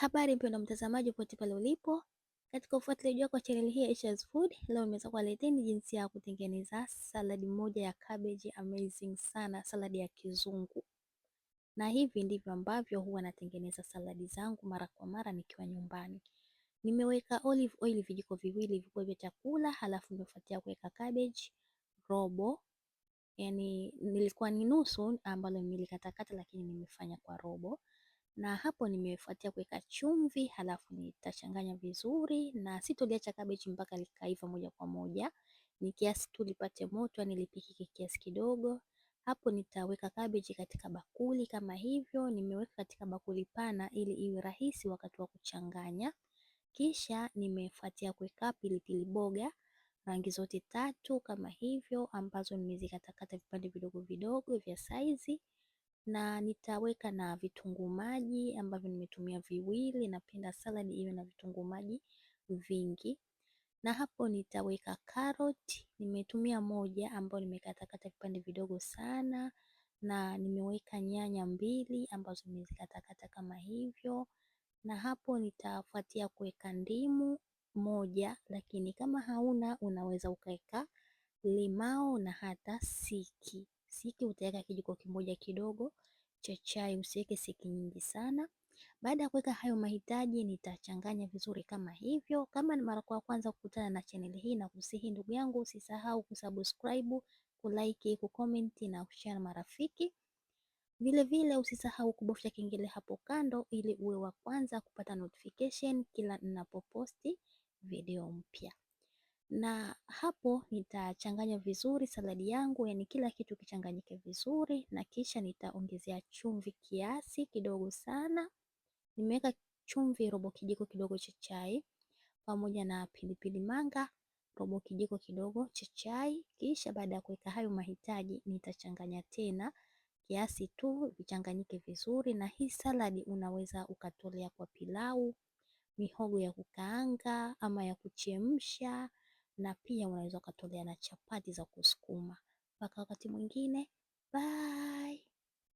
Habari mpendwa mtazamaji, popote pale ulipo, katika ufuatiliaji wako wa channel hii ya Aisha's Food, leo nimeweza kuwaleteni jinsi ya kutengeneza saladi moja ya cabbage amazing sana, saladi ya kizungu. Na hivi ndivyo ambavyo huwa natengeneza saladi zangu mara kwa mara nikiwa nyumbani. Nimeweka olive oil vijiko viwili vikubwa vya chakula, halafu nimefuatia kuweka cabbage robo, yani nilikuwa ni nusu ambalo nilikatakata, lakini nimefanya kwa robo na hapo nimefuatia kuweka chumvi, halafu nitachanganya vizuri na sitoliacha kabeji mpaka likaiva moja kwa moja. Ni kiasi tu lipate moto, yani lipikike kiasi kidogo. Hapo nitaweka kabeji katika bakuli kama hivyo, nimeweka katika bakuli pana ili iwe rahisi wakati wa kuchanganya. Kisha nimefuatia kuweka pilipili boga rangi zote tatu kama hivyo, ambazo nimezikatakata vipande vidogo vidogo vya saizi na nitaweka na vitunguu maji ambavyo nimetumia viwili. Napenda saladi iwe na vitunguu maji vingi, na hapo nitaweka karoti, nimetumia moja ambayo nimekatakata vipande vidogo sana, na nimeweka nyanya mbili ambazo nimezikatakata kama hivyo, na hapo nitafuatia kuweka ndimu moja, lakini kama hauna unaweza ukaweka limao na hata siki siki utaweka kijiko kimoja kidogo cha chai, usiweke siki nyingi sana. Baada ya kuweka hayo mahitaji, nitachanganya vizuri kama hivyo. Kama ni mara kwa kwanza kukutana na channel hii, na kusihi ndugu yangu, usisahau kusubscribe, kulike, kucomment na kushare na marafiki. Vilevile usisahau kubofya kengele hapo kando, ili uwe wa kwanza kupata notification kila ninapoposti video mpya na hapo nitachanganya vizuri saladi yangu, yani kila kitu kichanganyike vizuri, na kisha nitaongezea chumvi kiasi kidogo sana. Nimeweka chumvi robo kijiko kidogo cha chai, pamoja na pilipili manga robo kijiko kidogo cha chai. Kisha baada ya kuweka hayo mahitaji, nitachanganya tena kiasi tu vichanganyike vizuri, na hii saladi unaweza ukatolea kwa pilau, mihogo ya kukaanga ama ya kuchemsha na pia unaweza ukatolea na chapati za kusukuma. Mpaka wakati mwingine, bye.